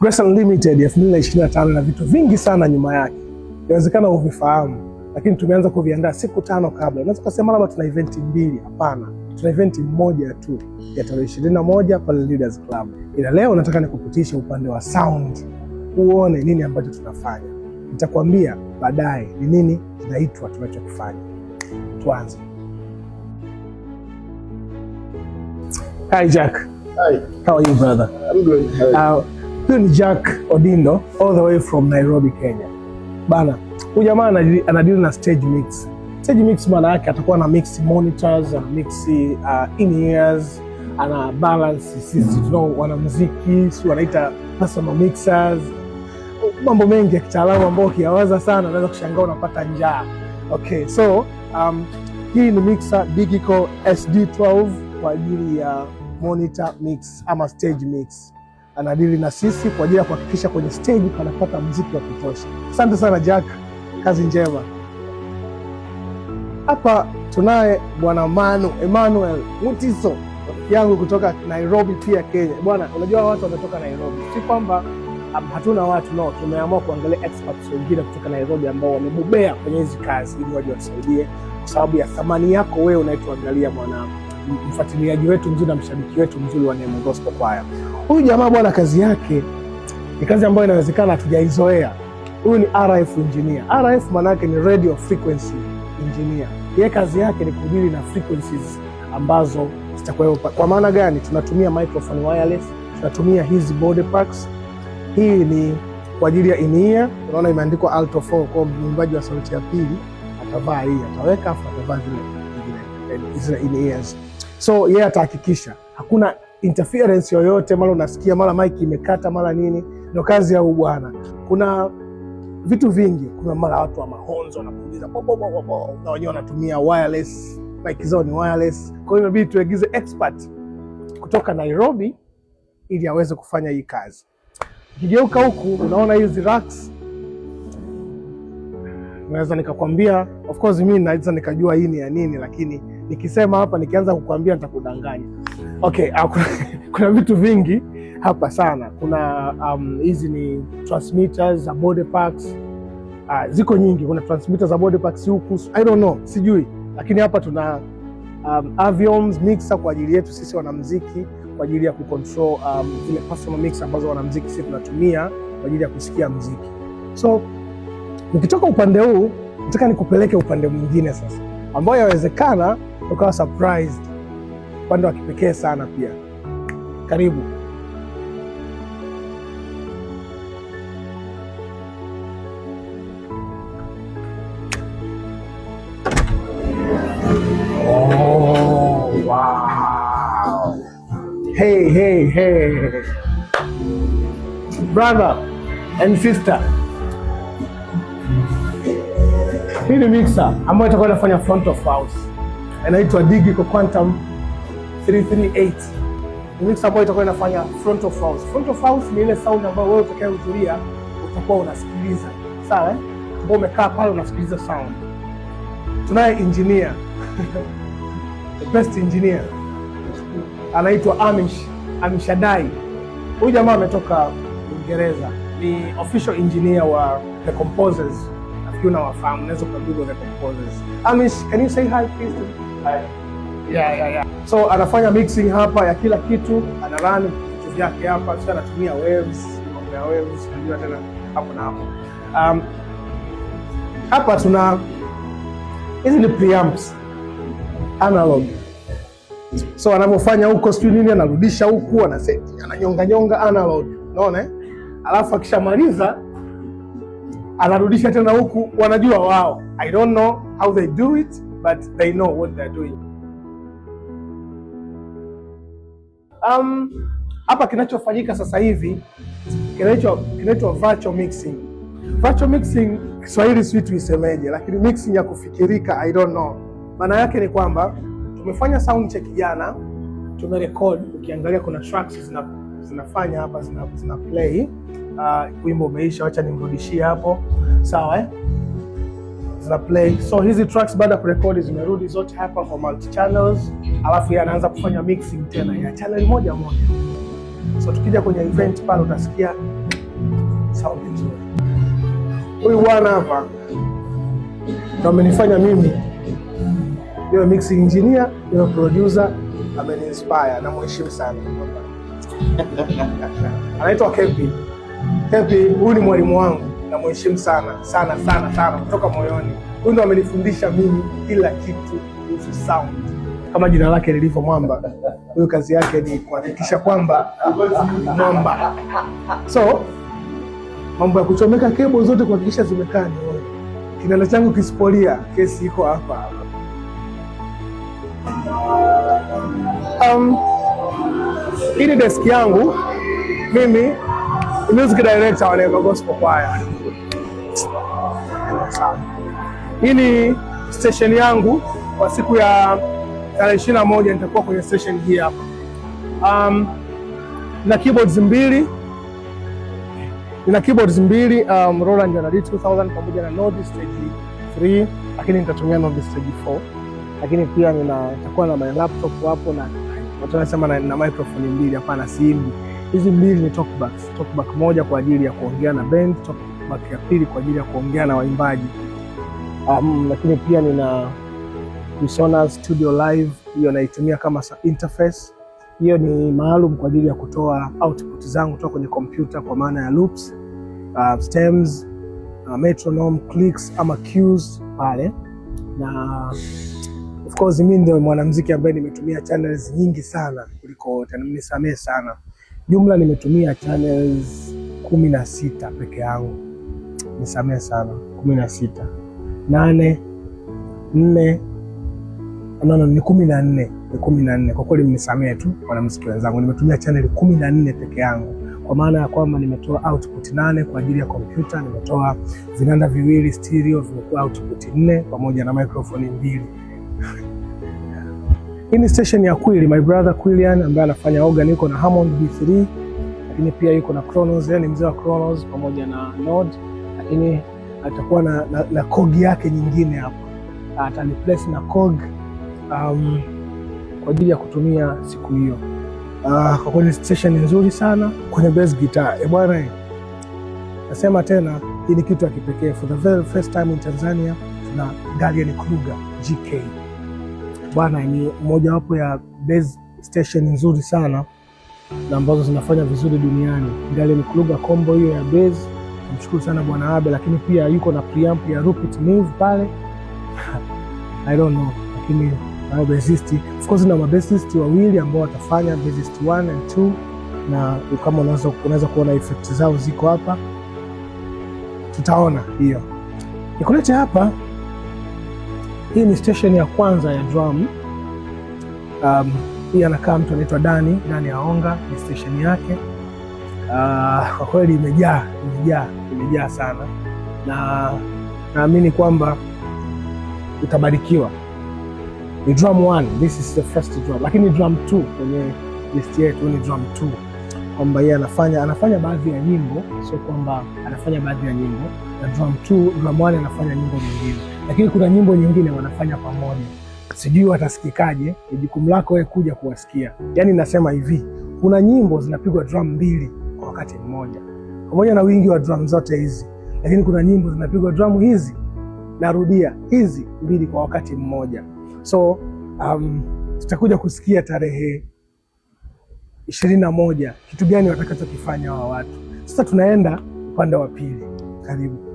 Graceland Limited 2025 na vitu vingi sana nyuma yake, inawezekana uvifahamu, lakini tumeanza kuviandaa siku tano kabla. Unaweza kusema labda tuna eventi mbili. Hapana, tuna eventi moja tu ya tarehe moja pale Leaders Club, ila leo nataka nikupitisha upande wa sound, uone nini ambacho tunafanya. Nitakwambia baadaye ni nini kinaitwa tunachokifanya. Tuanze. Hi Jack. Hi. How are you brother? I'm good. How are you? Uh, Huyu ni Jack Odindo all the way from Nairobi, Kenya. Bana, huyu jamaa anadili na stage mix. Stage mix maana yake atakuwa na mix monitors, ana mix uh, in-ears, ana balance sisi tunao wanamuziki, si wanaita personal mixers. Mambo mengi ya kitaalamu ambao ukiyawaza sana unaweza kushangaa unapata njaa. Okay, so um, hii ni mixer Digico SD12 kwa ajili ya monitor mix ama stage mix anadili na sisi kwa ajili ya kuhakikisha kwenye stage panapata mziki wa kutosha. Asante sana Jack, kazi njema. Hapa tunaye bwana Manu Emmanuel Mutiso, yangu kutoka Nairobi pia Kenya. Bwana, unajua watu wametoka Nairobi, si kwamba um, hatuna watu no, tumeamua kuangalia experts wengine kutoka Nairobi ambao wamebobea kwenye hizi kazi ili waje wasaidie, kwa sababu ya thamani yako wewe unayetuangalia, mwana mfuatiliaji wetu mzuri na mshabiki wetu mzuri wa Neema Gospel Choir. Huyu jamaa bwana, kazi yake ni kazi ambayo inawezekana hatujaizoea. Huyu ni RF engineer. RF maana yake ni radio frequency engineer. Yeye kazi yake ni kudili na frequencies ambazo zitakuwepo. Kwa maana gani? Tunatumia microphone wireless, tunatumia hizi body packs. Hii ni kwa ajili ya inia, unaona imeandikwa alto 4 kwa mwimbaji wa sauti ya pili atavaa hii, ataweka afu atavaa zile zile inia. So yeye yeah, atahakikisha hakuna interference yoyote, mara unasikia mara mic imekata mara nini. Ndio kazi ya bwana. Kuna vitu vingi, kuna mara watu wa mahonzo wanapuliza bo bo bo bo, na wenyewe wanatumia wireless mic zao ni wireless. Kwa hiyo inabidi tuagize expert kutoka Nairobi ili aweze kufanya hii kazi. Ukigeuka huku unaona hizi racks, naweza nikakwambia, of course mimi naweza nikajua hii ni ya nini, lakini nikisema hapa nikianza kukwambia nitakudanganya. Okay, ah, kuna vitu vingi hapa sana. Kuna um, hizi um, ni transmitters za body parts uh, ah, ziko nyingi. Kuna transmitters za body parts huku, I don't know, sijui, lakini hapa tuna um, avioms mixer kwa ajili yetu sisi wanamuziki kwa ajili ya kucontrol um, zile personal mix ambazo wanamuziki sisi tunatumia kwa ajili ya kusikia muziki. So nikitoka upande huu nataka nikupeleke upande mwingine sasa, ambayo yawezekana ukawa surprised, upande wa kipekee sana pia. Karibu. Oh, hey, hey, hey. Brother and sister. Hii ni mixer ambayo itakuwa inafanya front of house inaitwa Digico Quantum 338 Mix ambayo itakuwa inafanya front of house. Front of house ni ile sound ambayo wewe utakayehudhuria utakuwa unasikiliza, sawa eh? Ambao umekaa pale unasikiliza sound. Tunaye engineer the best engineer anaitwa Amish Amishadai. Huyu jamaa ametoka Uingereza, ni official engineer wa The Composers ukiwa unawafahamu unaweza kuwapiga the composers. Amish, can you say hi please? Hi. Yeah, yeah, yeah. So anafanya mixing hapa ya kila kitu, ana run vitu vyake hapa, sio anatumia waves, mambo ya waves, unajua tena hapo na hapo. Um, hapa tuna hizi ni preamps analog. So anavyofanya huko sijui nini, anarudisha huku, anaseti, ananyonga nyonga analog. Unaona eh? Alafu akishamaliza anarudisha tena huku, wanajua wao. I don't know how they do it but they know what they're doing. Um, hapa kinachofanyika sasa hivi kinaitwa kinaitwa virtual mixing. Virtual mixing Kiswahili sijui tuisemeje, lakini mixing ya kufikirika I don't know. Maana yake ni kwamba tumefanya sound check jana, tumerekod. Ukiangalia kuna tracks zina, zinafanya hapa zina, zina play uh, wimbo umeisha, wacha nimrudishie hapo, sawa eh? Zina play. So hizi tracks baada ya kurekodi zimerudi zote hapa kwa multi channels, alafu yeye anaanza kufanya mixing tena ya channel moja moja. So tukija kwenye event pale utasikia sound nzuri. Huyu bwana hapa ndio amenifanya mimi niwe mixing engineer, niwe producer, ameni inspire na mheshimu sana. Anaitwa Kevin. Hepi, huyu ni mwalimu wangu, namheshimu sana sana sana sana kutoka moyoni. Huyu ndo amenifundisha mimi kila kitu kuhusu sound, kama jina lake lilivyo Mwamba. Huyu kazi yake ni kuhakikisha kwamba mwamba, so mambo ya kuchomeka kebo zote kuhakikisha zimekaa. Kinanda changu kisipolia, kesi iko hapa. Um, hii ni deski yangu mimi music director wale wa gospel choir. Hii ni station yangu kwa siku ya tarehe ishirini na moja nitakuwa kwenye station hii hapa. Um, na keyboards mbili nina keyboards mbili um, Roland Janari 2000 pamoja na Nord stage 3, lakini nitatumia Nord stage 4, lakini pia nitakuwa na my laptop hapo na watu wanasema na, na microphone mbili. Hapana, siimbi Hizi mbili ni talkbacks. Talkback moja kwa ajili ya kuongea na band, talkback ya pili kwa ajili ya kuongea na waimbaji. Um, lakini pia nina Usona Studio Live, hiyo naitumia kama interface. Hiyo ni maalum kwa ajili ya kutoa output zangu kutoka kwenye kompyuta kwa maana ya loops, uh, stems, uh, metronome, clicks ama cues pale na of course mimi ndio mwanamuziki ambaye nimetumia channels nyingi sana kuliko wote, nimenisamee sana Jumla nimetumia channels kumi na sita peke yangu, nisamehe sana, kumi na sita nane nne nono ni kumi na nne ni kumi na nne Kwa kweli mnisamehe tu wanamuziki wenzangu, nimetumia channel kumi na nne peke yangu, kwa maana ya kwamba nimetoa output nane kwa ajili ya kompyuta, nimetoa vinanda viwili stereo, vimekuwa output nne pamoja na microphone mbili Hii ni station ya Quili, my brother Quillian ambaye anafanya organ yuko na Hammond B3, lakini pia yuko na Chronos, yani mzee wa Chronos pamoja na Node, lakini atakuwa na, na, na cog yake nyingine hapo ata replace na cog um, kwa ajili ya kutumia siku hiyo. Uh, kwa kweli station nzuri sana kwenye bass guitar. E bwana nasema tena hii ni kitu ya kipekee for the very first time in Tanzania tuna Galian Kruger GK bwana, ni mojawapo ya base station nzuri sana na ambazo zinafanya vizuri duniani. Galen Kruger combo hiyo ya base, namshukuru sana bwana Abe, lakini pia yuko na preamp ya Rupert Move pale I don't know, lakini na bassist of course, na mabassist wawili ambao watafanya bassist 1 and 2 na kama unaweza unaweza kuona effect zao ziko hapa, tutaona hiyo nikulete hapa hii ni station ya kwanza ya drum. Um, hii anakaa mtu anaitwa Dani Dani Aonga, ni station yake. Uh, kwa uh, kweli imejaa imejaa imejaa sana, na naamini kwamba utabarikiwa. Ni drum this is the first drum, lakini drum 2 kwenye list yetu ni drum 2 kwamba yeye anafanya anafanya baadhi ya nyimbo, sio kwamba anafanya baadhi ya nyimbo na drum 2, drum anafanya nyimbo nyingine lakini kuna nyimbo nyingine wanafanya pamoja, sijui watasikikaje. Ni jukumu lako wewe kuja kuwasikia. Yani nasema hivi, kuna nyimbo zinapigwa drum mbili kwa wakati mmoja, pamoja na wingi wa drum zote hizi, lakini kuna nyimbo zinapigwa drum hizi, narudia, hizi mbili kwa wakati mmoja. So um, tutakuja kusikia tarehe ishirini na moja kitu gani watakachokifanya wa watu. Sasa tunaenda upande wa pili, karibu.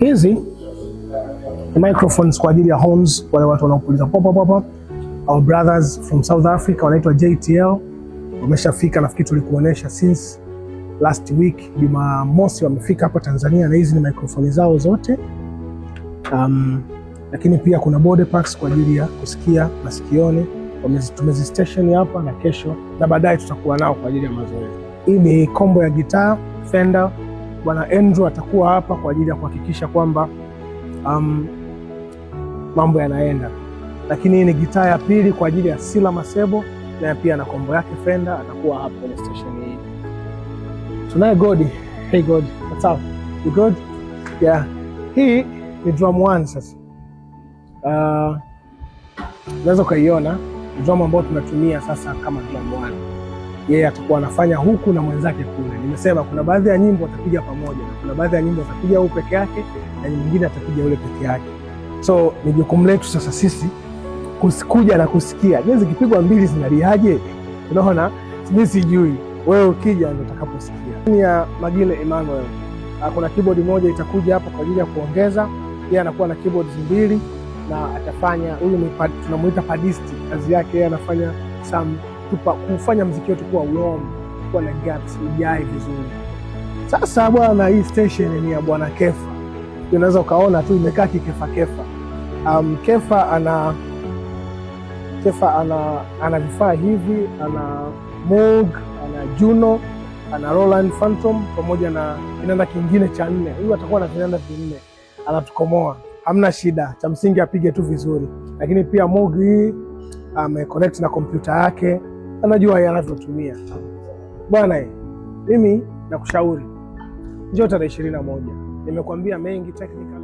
Hizi microphones kwa ajili ya horns, wale watu wanaopuliza pop pop pop. Our brothers from South Africa wanaitwa JTL wameshafika, nafikiri tulikuonesha since last week Jumamosi, wamefika hapa Tanzania na hizi ni microphone zao zote. Um, lakini pia kuna body packs kwa ajili ya kusikia masikioni tumezi station hapa na kesho na baadaye tutakuwa nao kwa ajili ya mazoezi. Hii ni combo ya gitaa Fender Bwana Andrew atakuwa hapa kwa ajili ya kuhakikisha kwamba um, mambo yanaenda, lakini ni gitaa ya pili kwa ajili ya Sila Masebo, naye pia na kombo yake Fender atakuwa hapa kwenye station hii. Tunaye Godi. Hey God. what's up? You good? Yeah. Hii ni drum one sasa. Uh, unaweza ukaiona drum ambayo tunatumia sasa kama drum one yeye atakuwa anafanya huku na mwenzake kule. Nimesema kuna baadhi ya nyimbo atapiga pamoja na kuna baadhi ya nyimbo atapiga huyu peke yake na nyingine atapiga yule peke yake. So ni jukumu letu sasa sisi kusikuja na kusikia, je, zikipigwa mbili zinaliaje? Unaona, mimi sijui, wewe ukija ndio utakaposikia. Ni ya Magile Emmanuel, ah, kuna keyboard moja itakuja hapo kwa ajili ya kuongeza, yeye anakuwa na keyboard mbili na atafanya huyu, tunamuita padisti, kazi yake yeye anafanya some kupa, kufanya mziki wetu kuwa warm, kuwa na gaps, ujae vizuri. Sasa bwana, hii station ni ya bwana Kefa, unaweza ukaona tu imekaa kikefa kefa. Um, Kefa ana Kefa ana ana vifaa hivi, ana Moog, ana Juno, ana Roland Phantom pamoja na kinanda kingine cha nne. Huyu atakuwa na kinanda vinne, anatukomoa, hamna shida, cha msingi apige tu vizuri, lakini pia Moog hii ameconnect na kompyuta yake anajua yeye anavyotumia. Bwana, eh, mimi nakushauri njoo tarehe ishirini na moja. Nimekwambia mengi technical